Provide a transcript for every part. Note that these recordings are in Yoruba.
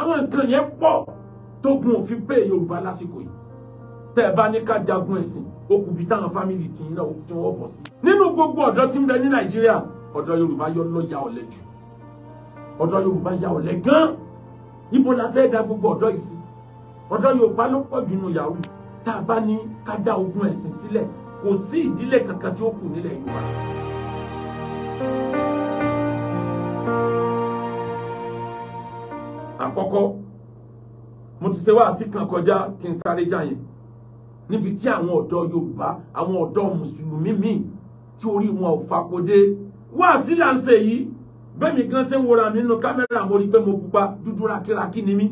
àwọn nǹkan yẹn pọ̀ tógun òfin bẹ́ẹ̀ Yorùbá lásìkò yìí tẹ́ ẹ bá ní ká jagun ẹ̀sìn ó kù bí táwọn fámìlì tì í náà tí wọ́n bọ̀ sí. nínú gbogbo ọ̀dọ́ tí ń bẹ ní Nàìjíríà ọ̀dọ́ Yorùbá yọ lọ ya jù ọ̀dọ́ Yorùbá ya ọ̀lẹ gan ibo la fẹ́ da gbogbo ọ̀dọ́ yìí sí ọ̀dọ́ Yorùbá ló pọ̀ jù nù yahoo tá a bá ní ká dá ogun ẹ̀sìn sílẹ̀ kò sí ìdílé kankan tí ó kù nílẹ̀ Yorùbá. àkọ́kọ́ mo ti ṣe wáàsí kan kọjá kí n sáré jà yẹn níbi tí àwọn ọ̀dọ́ Yorùbá àwọn ọ̀dọ́ mùsùlùmí míì tí orí wọn ò fapodé wáàsí là ń ṣe yìí bẹ́ẹ̀ mi gan ṣe ń wora nínú kámẹ́rà mo rí i mo pupa dúdú rákírákí ni mí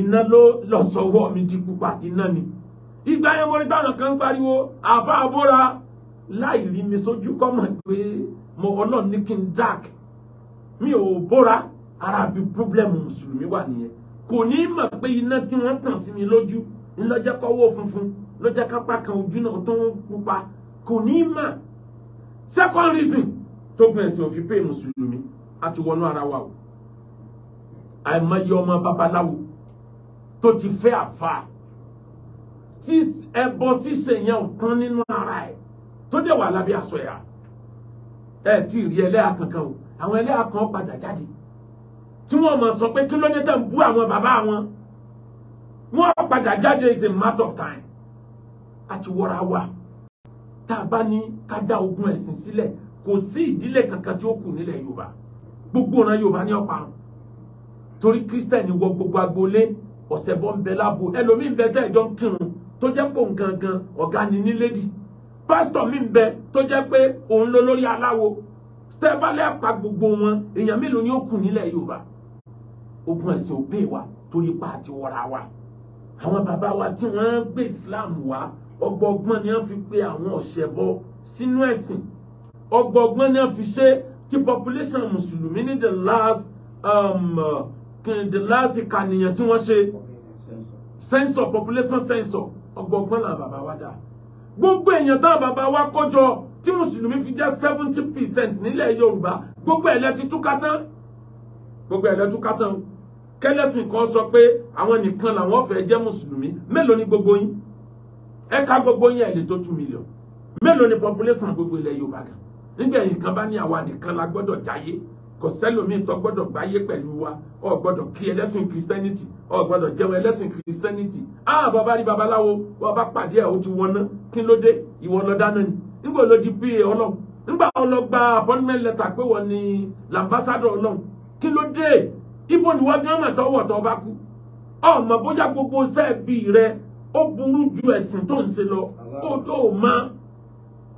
iná ló lọ sọwọ́ mi di pupa iná ni ìgbà yẹn mo rí táwọn kan pariwo àfa àbóra láì rí mi sójú kọ́ mọ̀ pé mo ọlọ́run ní kí dark mi ò bóra Arabi problem pírọ́blẹ́mù mùsùlùmí wà nìyẹn kò ní í mọ̀ pé iná tí wọ́n tàn sí mi lójú ńlọ́jẹ́ kọ́wọ́ funfun lọ́jẹ́ kápá kan ojú náà tó ń pupa kò ní í mọ̀ second reason tó gbìn ẹ̀sìn òfin pé mùsùlùmí a ti wọnú ara wa o àìmọye ọmọ babaláwo tó ti fẹ́ àfa tí ẹbọ ṣíṣe yẹn ò tán nínú ara ẹ̀ tó dẹ̀ wà lábẹ́ aṣọ ẹ̀ ẹ̀ tí ì rí ẹlẹ́yà kankan o àwọn ẹlẹ́yà kan padà jáde tí wọ́n mọ̀ sọ pé kí ló dé tẹ̀ ń bú àwọn bàbá wọn wọ́n padà jáde is a matter of time àti wọ́ra wa tá a bá ní ká dá ogun ẹ̀sìn sílẹ̀ kò sí ìdílé kankan tí ó kù nílẹ̀ Yorùbá gbogbo ọ̀nà Yorùbá ní ọ̀parun torí kírísítẹ̀nì wọ gbogbo agboolé ọ̀sẹ̀ bọ́ ń bẹ lábo ẹlòmíì bẹ tẹ́ ẹ̀jọ́ ń kírun tó jẹ́ pé òun gangan ọ̀gá ni ní lédi pásítọ̀ mi ń bẹ tó jẹ́ pé òun ló lórí aláwo tẹ́ bá lẹ́ẹ̀pa gbogbo wọn èèyàn mélòó ni ó kù nílẹ̀ Yorùbá ogun ẹ̀sìn ò pè wá torí pa àti wọra wa àwọn bàbá wa tí wọ́n gbé Islam wá ọgbọ́gbọ́n ni wọ́n fi pe àwọn ọ̀ṣẹ̀bọ sínú ẹ̀sìn ọgbọ́gbọ́n ni wọ́n fi ṣe ti population mùsùlùmí ní the last um, the last ìkànnìyàn tí wọ́n ṣe sensor population sensor ọgbọ́gbọ́n làwọn bàbá wa dà gbogbo èèyàn táwọn bàbá wa kójọ tí mùsùlùmí fi jẹ́ seventy percent nílẹ̀ Yorùbá gbogbo ẹ̀lẹ́tí túkátán gbogbo ẹ̀lẹ́tí túkátán kẹ́lẹ́sìn kan sọ pé àwọn nìkan làwọn fẹ́ jẹ́ mùsùlùmí mélòó ni gbogbo yín ẹ ká gbogbo yín ẹ̀ lè tó two million mélòó ni population gbogbo ilẹ̀ Yorùbá kan nígbà yìí kan bá ní àwa nìkan la gbọ́dọ̀ jáyé kò sẹ́lòmíì tó gbọ́dọ̀ gbáyé pẹ̀lú wa ọ gbọ́dọ̀ kí ẹlẹ́sìn Christianity ọ gbọ́dọ̀ jẹun ẹlẹ́sìn Christianity á bàbá rí babaláwo bàbá pàdé ẹ̀ ó ti wọná kí ló dé ìwọ lọ dáná ni nígbà ló di pa ọlọ́run nígbà ọlọ́gba appointment letter pé wọ́n ni lambassador ọlọ́run kí ló dé ibo ni wọ́n fi hàn tọ́wọ́ tó bá kú ọmọ bóyá gbogbo sẹ́ẹ̀bì rẹ ó burú ju ẹ̀sìn tó ń ṣe lọ ó tó o mọ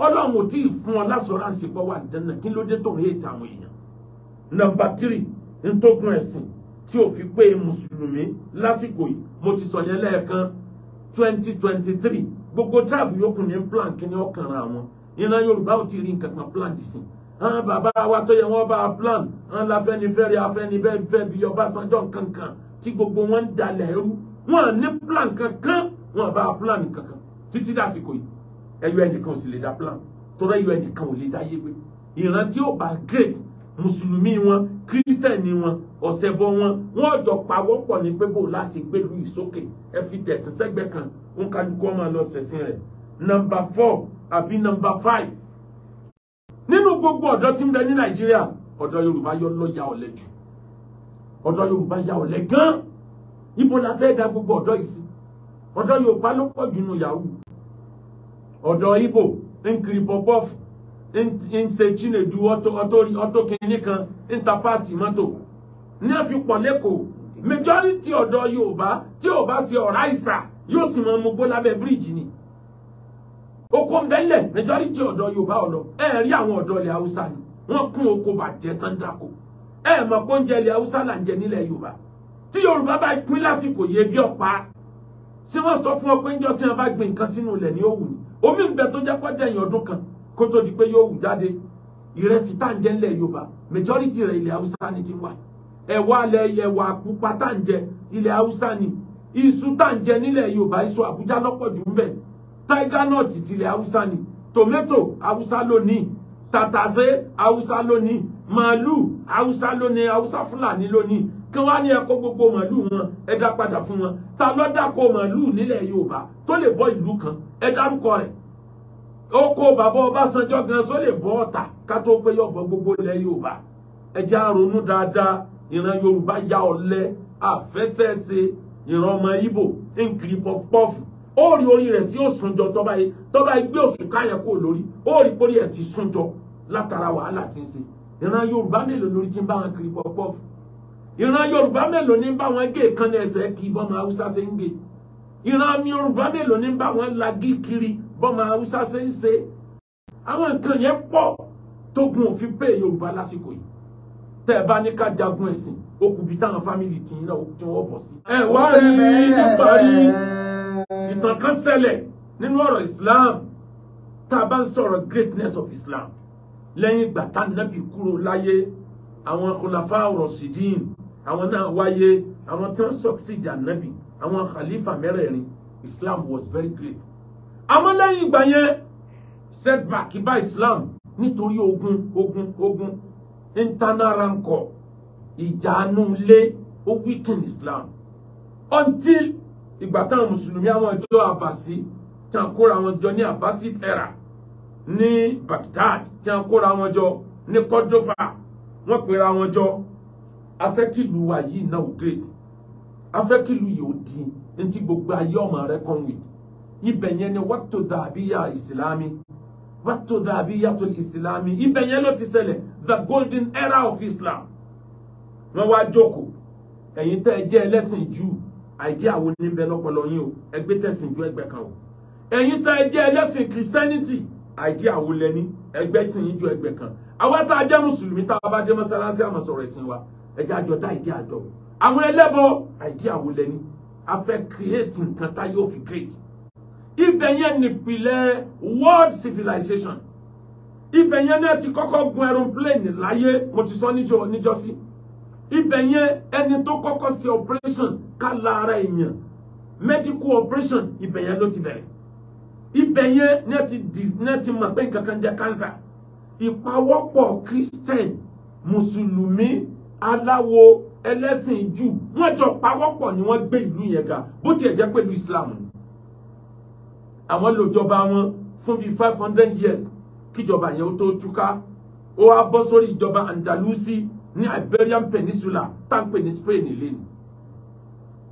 ọlọ́run ò tí ì fún ọ lásọ̀ránsì pọ̀ wà dáná kí ló dé tó ń yé ìtàwọn èèyàn nọ́mbà tírì ntógun ẹ̀sìn tí ò fi pé mùsùlùmí lásìkò yìí mo ti sọ yẹn lẹ́ẹ̀kan twenty twenty three gbogbo tíráàbù yòókù ní plan kí ni ọkàn ra wọn iná yorùbá ò ti rí nǹkan kan plan dì sí hàn bàbá wa tó yẹ wọ́n bá a plan hàn láfẹ́nifẹ́re afẹ́nifẹ́ bí Ọbásanjọ́ kankan tí gbogbo wọn ń dalẹ̀ ẹrú wọn ní plan kankan wọn bá a plan kankan títí dàsìkò yìí ẹyọ ẹnìkan ò sì lè da plan tọ́lá ẹyọ ẹnìkan ò lè da yé gbé ìran tí ó bá great mùsùlùmí wọn kírísítẹ̀nì wọn ọ̀sẹ̀bọ wọn wọn jọ pawọ́pọ̀ ní pé bò láti gbèlú ìsókè ẹ fi tẹ̀sán sẹ́gbẹ́ kan òǹkàlùkù ọmọ lọ sẹ̀sìn rẹ̀ nọmba four àbí nọmba five nínú gbogbo ọ̀dọ́ tí ń bẹ ní nàìjíríà ọ̀dọ́ yorùbá yọ lọ ya ọ̀lẹ jù ọ̀dọ́ yorùbá ya ọ̀lẹ gan ibo la fẹ́ da gbogbo ọ̀dọ́ yìí sí ọ̀dọ́ yorùbá ló pọ̀ jù nù yahoo ọ̀dọ́ ibo nkiri bobof nse du ọtọ kìnínní kan ntapáàtì mọ́tò ní àfi pọ̀ lẹ́kọ̀ọ́ majority ọ̀dọ́ yorùbá tí ò bá ṣe ọ̀rá ìsà yóò sì mọ ọmọ gbó bíríìjì ni oko ń bẹ́lẹ̀ majority ọ̀dọ́ yorùbá ọ̀dọ́ ẹ rí àwọn ọ̀dọ́ ilẹ̀ haúsá ni wọ́n kún oko bàjẹ́ tán dáko ẹ mọ̀ pé oúnjẹ ilẹ̀ haúsá là ń jẹ nílẹ̀ yorùbá tí yorùbá bá pín lásìkò yẹ bí ọ̀pá ṣé wọ́n sọ fún ọ pé ńjọ́ tí wọ́n bá gbin nǹkan sínú ilẹ̀ ni ó wù ní omi ń bẹ tó jẹ́ pọ́dẹ̀yìn ọdún kan kó tó di pé yóò wù jáde ìrẹsì tá à ń jẹ nílẹ̀ yorùbá majority rẹ̀ ilẹ̀ haúsá ni ti wà ẹ̀wà alẹ́ ẹ̀wà pupa tá à ń jẹ ilẹ̀ haúsá ni iṣu tá à ń jẹ nílẹ̀ yorùbá iṣu àbújá lọ́pọ̀ jù ń bẹ tiger nut tilẹ̀ haúsá ni tomato haúsá lónìí tàtàsé haúsá lónìí màálù haúsá lónìí haúsá fúlàní lónìí kí wọ́n á ní ẹ̀kọ́ gbogbo màálù wọn ẹ dá padà fún wọn ta ló dáko màálù nílẹ̀ yorùbá tó lè bọ́ ìlú kan ẹ dárúkọ rẹ̀ oko bàbá ọbásanjọ́ gan só lè bọ́ ọ̀tà ká tó pé yọ̀bọ gbogbo ilẹ̀ yorùbá ẹ jẹ́ á ronú dáadáa ìran yorùbá ya ọ̀lẹ àfẹsẹ̀ṣe ìran ọmọ ibo nkiri pọfupọfu ó rí orí rẹ̀ tí ó sunjọ tọ́ba yìí tọ́ba yìí gbé òṣùká yẹn kúrò lórí ó rí orí ẹ̀ ti sunjọ látara wàhálà tí ń ṣe ìran yorùbá mélòó lórí tí ń bá wọn kiri pọpọfù ìran yorùbá mélòó ní bá wọn gé kan ẹsẹ̀ kí bọ́mọ haúsá ṣe ń gé ìran yorùbá mélòó ní bá wọn lagí kiri bọ́mọ haúsá ṣe ń ṣe àwọn nǹkan yẹn pọ̀ tógun òfin pé yorùbá lásìkò yìí tẹ́ ẹ bá ní ká jagun ẹ̀sìn ó kù family, táwọn fámìlì tì í náà tí wọ́n bọ̀ sí. ẹ wá rí i níparí ìtàn kan ṣẹlẹ̀ nínú ọ̀rọ̀ Islam tá a bá ń sọ̀rọ̀ greatness of Islam lẹ́yìn ìgbà tá nàbì kúrò láyé àwọn kòláfà rọ̀ṣídìn àwọn náà wáyé àwọn tí wọ́n succeed ànábì àwọn khalifa mẹ́rẹ̀ẹ̀rin Islam was very great. àmọ́ lẹ́yìn ìgbà yẹn setback bá Islam nítorí ogun ogun ogun internal rancor ìjà àánú lé ó weaken Islam until ìgbà táwọn mùsùlùmí àwọn ìjọ àbàsí tí wọ́n kóra wọn jọ ní àbàsí era ní Baghdad tí wọ́n kóra wọn jọ ní Cordova wọ́n pera wọn jọ afẹ́kìlú wa yìí náà great afẹ́kìlú yìí ò dín ní ti gbogbo ayé ọmọ rẹ kàn wí ibẹ̀ yẹn ni wàtò dàbíyà ìsìlámì wàtò dàbíyà tó ìsìlámì ibẹ̀ yẹn ló ti ṣẹlẹ̀ the golden era of Islam wọ́n wá jókòó ẹ̀yin tẹ́ ẹ jẹ́ ẹlẹ́sìn Júù àìdíà wo ní bẹ lọ́pọlọ yín o ẹgbẹ́ tẹ̀sìn ju ẹgbẹ́ kan o ẹ̀yin tá ẹ ẹlẹ́sìn christianity àìdíà wo lẹ́ni ẹgbẹ́ sìn yín ju ẹgbẹ́ kan àwa tá a jẹ́ mùsùlùmí tá a bá dé mọ́sálásí àmọ́ sọ̀rọ̀ ẹ̀sìn wa ẹjẹ́ àjọ dá ìdí àjọ àwọn ẹlẹ́bọ àìdíà wo lẹ́ni a fẹ́ create nǹkan tá yóò fi create ibẹ̀ yẹn nípìnlẹ̀ world civilization ibẹ̀ yẹn náà ti kọ́kọ́ gun aeroplane láyé mo ti sọ níjọ́sí ibẹ̀ yẹn ẹni tó kọ́kọ́ ṣe operation ká la ara èèyàn medical operation ibẹ̀ yẹn ló ti bẹ̀rẹ̀ ibẹ̀ yẹn ní ẹ ti di ní ẹ ti mọ̀ pé nǹkan kan jẹ́ cancer ìpawọ́pọ̀ christian mùsùlùmí aláwo ẹlẹ́sìn jù wọ́n jọ pawọ́pọ̀ ni wọ́n gbé ìlú yẹn ga bó tiẹ̀ jẹ́ pẹ̀lú islam ni àwọn lòjọba wọn fún bíi five hundred years kíjọba yẹn ó tó túká ó wá bọ́ sórí ìjọba andalusi ní Iberian Peninsula táǹpé ní Spain lẹ́nu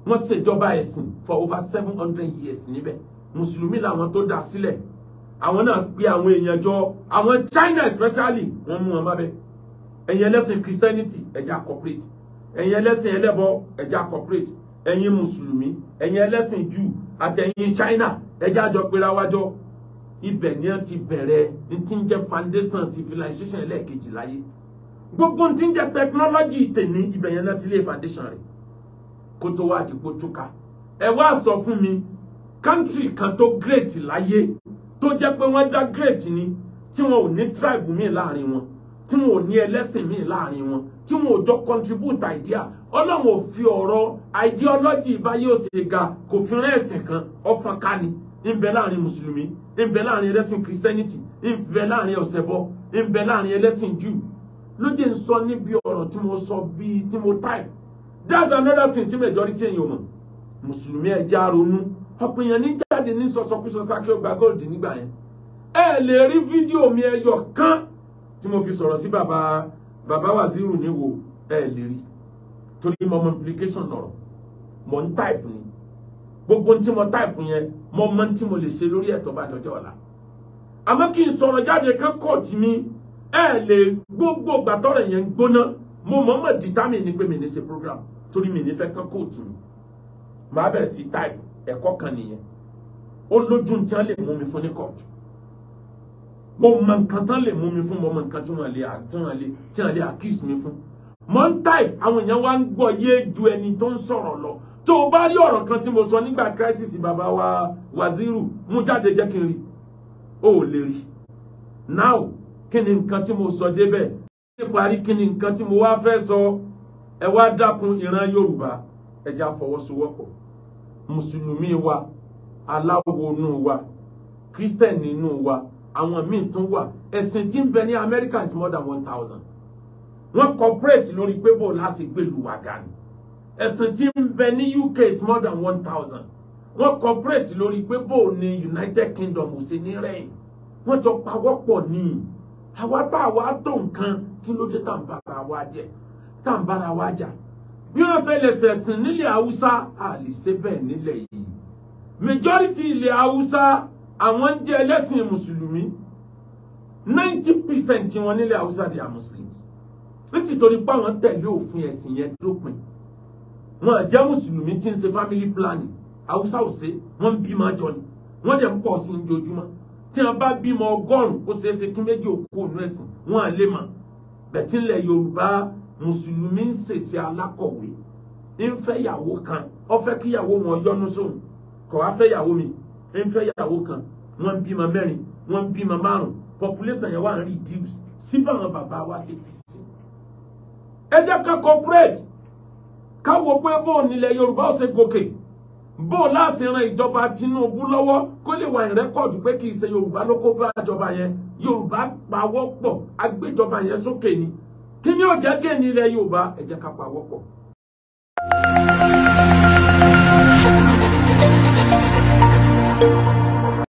wọ́n ṣèjọba ẹ̀sìn for over seven hundred years níbẹ̀ mùsùlùmí làwọn tó dá sílẹ̀ àwọn náà pe àwọn èèyàn jọ àwọn China especially wọ́n mú wọn bábẹ́ ẹ̀yin ẹlẹ́sìn Christianity ẹ̀já corporate ẹ̀yin ẹlẹ́sìn ẹlẹ́bọ ẹ̀já corporate ẹ̀yin mùsùlùmí ẹ̀yin ẹlẹ́sìn Jù àtẹ̀yin China ẹ̀já jọ pera wájọ ibẹ̀ ni wọ́n ti bẹ̀rẹ̀ ní ti ń jẹ́ foundation civilization ẹlẹ́ẹ̀kejì láyé gbogbo ti ń jẹ tẹkinọ́lọ́jì tèmi ibẹ̀ yẹn náà ti lé foundation rẹ̀ kó tó wá àdìgbò túká ẹ wá sọ fún mi country kan tó great láyé tó jẹ́ pé wọ́n dá great ni tí wọn ò ní tribe míì láàrin wọn tí wọn ò ní ẹlẹ́sìn míì láàrin wọn tí wọn ò jọ contribute idea ọlọ́run ò fi ọ̀rọ̀ ideology báyé òsè ga kò fi rán ẹ̀sìn kan ọ̀fọ̀n ká ni ń láàrin mùsùlùmí ń láàrin ẹlẹ́sìn christianity ń bẹ láàrin ọ̀sẹ̀bọ ń láàrin ẹlẹ́sìn jew ló jẹ́ ń sọ níbi ọ̀rọ̀ tí mo sọ bíi tí mo táì that's another thing tí majority èèyàn mọ̀ mùsùlùmí ẹ̀ já ronú ọ̀pọ̀ èèyàn ní jáde ní sọsọkúsọ sákẹ́ ọgbà gold nígbà yẹn ẹ lè rí fídíò mi ẹyọ kan tí mo fi sọ̀rọ̀ sí bàbá bàbá Wàsíù ní wo ẹ lè rí torí mo mọ implication ọ̀rọ̀ mo ń táìpù ni gbogbo tí mo táìpù yẹn mo mọ tí mo lè ṣe lórí ẹ̀tọ́ bá dọjọ́ ọ̀la àmọ́ kí n sọ̀rọ̀ jáde kan kóòtù mi ẹ lè gbogbo gbàtọ́rọ̀ yẹn gbóná mo mọ̀ọ́mọ̀ determine ni pé mi ní ṣe program torí mi ní fẹ́ kán kóòtù mi màá bẹ̀rẹ̀ sí type ẹ̀kọ́ kan nìyẹn ó lójú ní tí wọ́n lè mú mi fún ní kóòtù mo mọ nǹkan tán lè mú mi fún mo mọ nǹkan tí wọ́n lè tí wọ́n lè accuse mi fún mo ń type àwọn èèyàn wá ń gbọ́ yé ju ẹni tó ń sọ̀rọ̀ lọ tó o bá rí ọ̀rọ̀ kan tí mo sọ nígbà crisis bàbá wa waziru mú jáde jẹ́ kí n rí o ò lè rí now kí ni nǹkan tí mo sọ débẹ̀ níparí kí ni nǹkan tí mo wá fẹ́ sọ ẹ wá dákun ìran Yorùbá ẹ jẹ́ àfọwọ́sowọ́pọ̀ mùsùlùmí wa aláwo inú wa kírísítẹ̀nì inú wa àwọn míì tún wà ẹ̀sìn tí ń bẹ ní America is more than one thousand wọ́n corporate lórí pé bò láti gbèlú wa ga ni ẹ̀sìn tí ń bẹ ní UK is more than one thousand wọ́n corporate lórí pé bò ní United Kingdom ò sí ní rẹ̀yìn wọ́n jọ pawọ́pọ̀ níyì àwa tá a wá tó nǹkan kí ló dé tàǹbàrà wa jẹ tàǹbàrà wa jà bí wọ́n ṣe lè ṣẹ̀sìn nílẹ̀ haúsá a lè ṣe bẹ́ẹ̀ nílẹ̀ yìí majority ilẹ̀ haúsá àwọn jẹ́ ẹlẹ́sìn mùsùlùmí ninety percent wọn nílẹ̀ haúsá they are muslims nítorí pé àwọn tẹ̀lé òfin ẹ̀sìn yẹn dópin wọn jẹ́ mùsùlùmí tí ń ṣe family planning haúsá ò ṣe wọ́n ń bímọ jọ ni wọ́n dẹ̀ ń pọ̀ sí i ojoojúmọ́ tí wọn bá bímọ ọgọ́rùn-ún ó ṣeé ṣe kí méjì òkú ònú ẹ̀sìn wọn à lè mọ̀ bẹ̀tílẹ̀ yorùbá mùsùlùmí ń ṣèṣe alákọ̀wé ń fẹ́ yàwó kan ó fẹ́ kíyàwó wọn yọ́nú sóhun kọ̀ wá fẹ́ mi ń fẹ́ kan wọ́n bímọ mẹ́rin wọ́n bímọ márùn population yẹn wà ń reduce síbẹ̀ àwọn bàbá wa ṣe fi sí. ẹ jẹ́ ká corporate káwọ́ pé bóun nílẹ̀ yorùbá ó ṣe gòkè bó o ijọba ran ìjọba Tinubu lọ́wọ́ kó lè wà ìrẹ́kọ̀dù pé kì í yoruba Yorùbá ló kó bá yoruba yẹn Yorùbá pawọ́ sókè ni kí ni ó jẹ́ ni Yorùbá ẹ